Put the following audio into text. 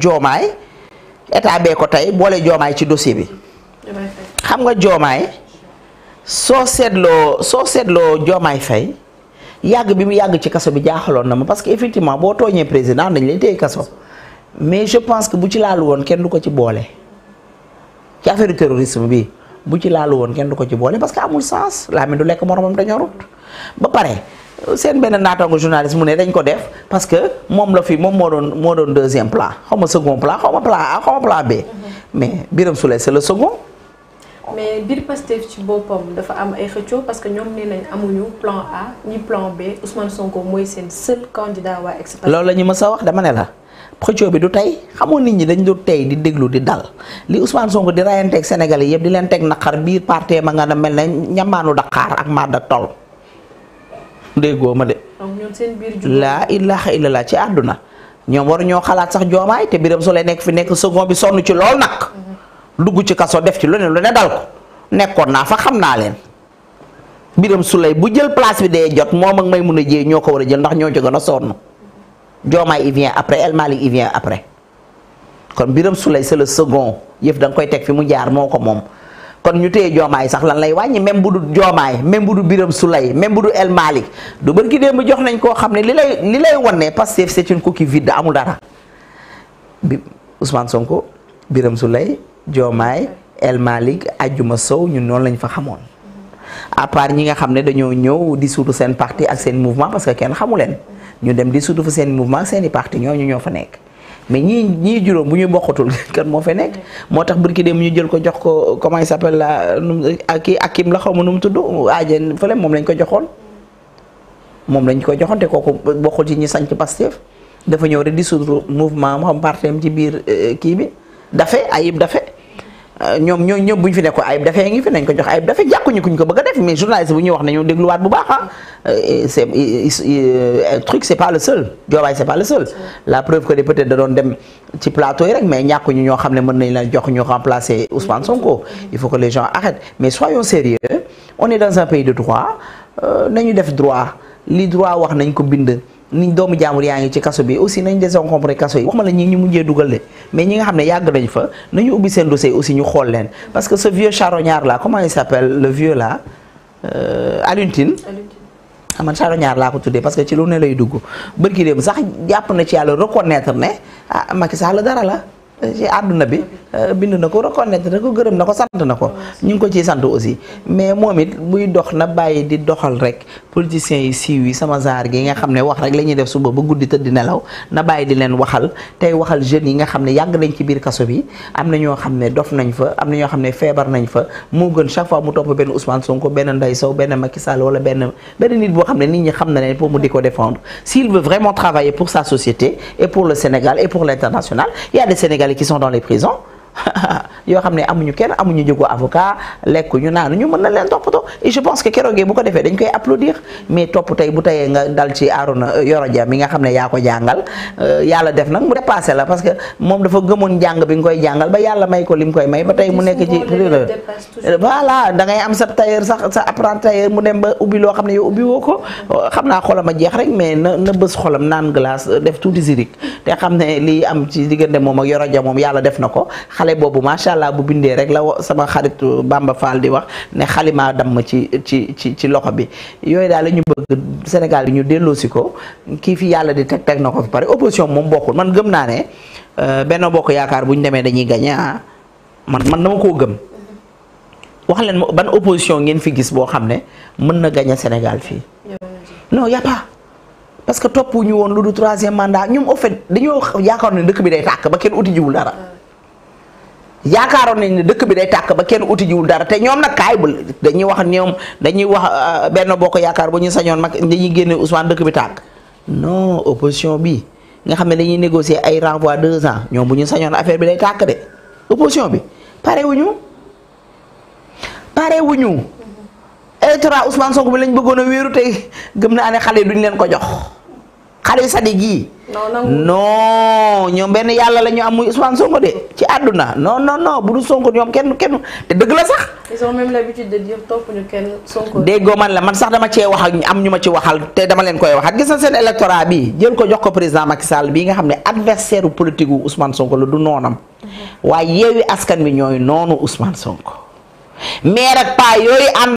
joomaay état bee ko tey boole joomaay ci dossier bi xam nga joomaay soo seetloo soo seetloo joomaay fay yàgg bi mu yàgg ci kaso bi jaaxaloon na ma parce que effectivement boo tooñee président dañ lay téye kaso mais je pense que bu ci laalu woon kenn du ko ci boole ci affaire terrorisme bi bu ci laalu woon kenn du ko ci boole parce que amul sens laa mi du lekk moromam dañoo rut ba pare seen benn naataango journaliste mu dañ ko def parce que mom la fi mom modon modon deuxième plan xaw ma second plan xaw plan A xaw plan B. Mhm. mais biram Souleye c'est le second. mais bir Pastef ci boppam dafa am ay xëccoo parce que ñom nee amuñu plan A ni plan B Ousmane Sonko moy sen seul candidat wa ex. loolu la ñu wax dama ne la xëccoo bi du tay xamoon nit ñi dañ do tay di déglu di dal li Ousmane Sonko di rayanteeg ak sénégalais yëpp di len teg nakar bir parti ma nga na mel ne ñamaanu Dakar ak da Toll. déggoo ma de. laa ilaha illallah ci àdduna ñoom waru ñoo xalaat sax joomaay te biram su nekk fi nekk second bi sonn ci lool nag. dugg ci kaso def ci lu ne lu ne dal ko nekkoon naa fa xam naa leen. biram su bu jël place bi dee jot moom ak may mun a jiyee ñoo ko war a jël ndax ñoo ci na a sonn. joomaay il vient après El Malick après kon biram su lay c'est le yëf da nga koy teg fi mu jaar moo ko moom. kon ñu téye joomaay sax lan lay wàññi même bu du joomaay même bu du biram sulay mem bu du el malik du bërki démb jox nañ koo xam ne li lay li lay wonne Pastef c'est une coquille vide amul dara bi Ousmane Sonko biram sulay joomaay el malik ajjuma sow ñun noonu lañ fa xamoon à part ñi nga xam ne dañoo ñëw di suutu seen parti ak seen mouvement parce que kenn xamu leen ñu dem di suutu fa seen mouvement ak seen i parti ñooñu ñoo fa nekk mais ñii ñii juróom bu ñu bokkatul kan moo fa nekk moo tax burki mu ñu jël ko jox ko comment il s'appelle la kii akim la xaw ma nu mu tudd aajeen fële moom lañ ko joxoon moom lañ ko joxoon te kooku bokkul ci ñi sanc Pastef dafa ñëw rek di mouvement mu xam partem ci biir euh, kii bi dafe ayib dafe ñom ñoo ñëpp buñ fi ne ayb dafa ngi fi nañ ko jox ayib dafe jàkkuñu kuñ ko bëgg def mais journaliste bu ñuy wax nañu dégluwaat bu baax ah euh, c'est euh, euh, truc c'est pas le seul joobaay c'est pas le seul la preuve que de peut-être da doon dem ci plateau yi rek mais ñàkkuñu ñoo xamné ne mën nañ la jox ñu remplacer Ousmane Sonko il faut que les gens arrêtent mais soyons sérieux on est dans un pays de droit nañu def droit li droit wax nañ ko bind ni doomu jaamur yaangi ci kasso bi aussi nañ désencombré kasso yi wax ma la ñi ñu mujjé duggal lé mais ñi nga xamné yag yàgg nañ fa nañu ubbi sen dossier aussi ñu xol leen parce que ce vieux charognard là comment il s'appelle le vieux là euh Alioune Tine ah, man charognard la ko tuddee parce que ci lu ne lay dugg barki dem sax japp na ci yalla reconnaître né ah Macky Sall dara la euh, ci aduna bi euh, bind na ko reconnaître na ko gërëm na ko sant na ko ñu ko ci sant aussi mais momit it buy dox na bàyyi di doxal rek politiciens yi siiw yi sama zaar gi nga xamné wax rek lañuy def suba bu guddi tëdd nelaw na baye di len waxal tay waxal jeune yi nga xamné yag nañ ci biir kasso bi amna na ñoo xam dof nañ fa amna na ñoo xam ne nañ fa mo gën chaque fois mu top ben Ousmane Sonko ben Ndeye Sow ben Macky Sall wala benn benn nit bo xamné nit ñi xam na pour mu diko défendre s'il veut vraiment travailler pour sa société et pour le Sénégal et pour l'international il y a des Sénégalais qui sont dans les prisons yoo xam ne amuñu kenn amuñu jógoo avocat lekk ñu naan ñu mën na leen toppatoo et je pense que keroogee bu ko defee dañ koy applaudir mais topp tey bu tayee nga dal ci Arouna euh, Yoro Dia mi nga xam ne yaa ko jàngal euh, yàlla def nag mu dépassé la parce que moom dafa gëmoon jàng bi nga koy jàngal ba yàlla may ko lim koy may ba tey mu nekk ci voilà ngay am sa tailleur sax sa apprenti tailleur mu dem ba ubbi loo xam ne yow ubbi woo ko xam naa xolam a jeex rek mais na na bës xolam naan glace def tuuti zirik te xam ne lii am ci diggante moom ak Yoro Dia moom yàlla def na ko xale boobu macha allah bu bindee rek la sama xarit Bamba Fall di wax ne xalimaa dam ci ci ci ci loxo bi yooyu daal la ñu bëgg Sénégal bi ñu delloosi ko kii fi yàlla di teg teg na ko fi pare opposition moom bokkul man gëm naa ne euh, Benno Bokk Yaakaar bu ñu demee dañuy gagné ah man man dama koo gëm wax leen ma ban opposition ngeen fi gis boo xam ne mën na gagné Sénégal fii. no y a pas parce ñu woon lu du troisième mandat ñoom au fait dañoo yaakaar ne dëkk bi day tàkk ba kenn uti jiwul dara. yaakaaroon nañ ne dëkk bi day tàkk ba kenn uti jiwul dara te ñoom nag kaay bu dañuy wax ñoom dañuy wax euh, benn bokk yaakaar boo ñu sañoon mag dañuy génne Ousmane dëkk bi tàkk non opposition bi nga xam ne dañuy négocier ay renvoi deux ans ñoom bu ñu sañoon affaire bi day tàkk de opposition bi pare ñu pare wu wuñu électorat Ousmane Sonko bi lañ bëggoon a wéeru te gëm naa ne xale yi duñ leen ko jox xale yu sadi gii non ñoom benn yàlla la ñu am muy Ousmane Sonko de ci àdduna non non non bu dul Sonko ñoom kenn kenn te dëgg la sax. ils ont même l'habitude de dire topp ñu kenn Sonko. man la man sax dama cee wax ak am ñu ma ci waxal te dama leen koy wax gis na seen électorat bi jël ko jox ko président Macky Sall bi nga xam ne adversaire politique wu Ousmane Sonko la du noonam. Mhm. waaye yeewi askan bi ñooy noonu Ousmane Sonko. mais paa yooyu ànd